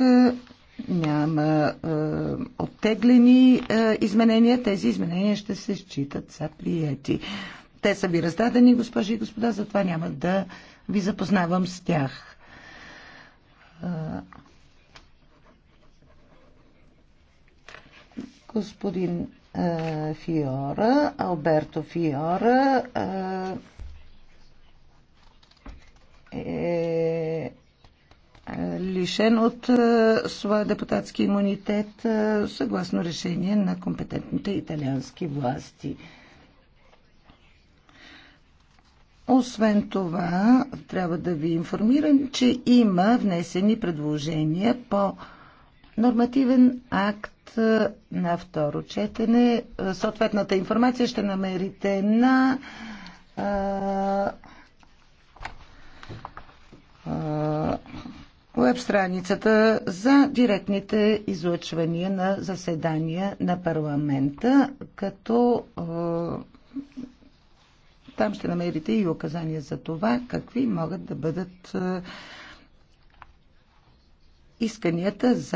Е, няма е, оттеглени е, изменения. Тези изменения ще се считат за приети. Те са ви раздадени, госпожи и господа, затова няма да ви запознавам с тях. Е, господин е, Фиора, Алберто Фиора, е, лишен от е, своя депутатски имунитет е, съгласно решение на компетентните италиански власти. Освен това, трябва да ви информирам, че има внесени предложения по нормативен акт е, на второ четене. Съответната информация ще намерите на веб-страницата за директните излъчвания на заседания на парламента, като там ще намерите и указания за това, какви могат да бъдат исканията за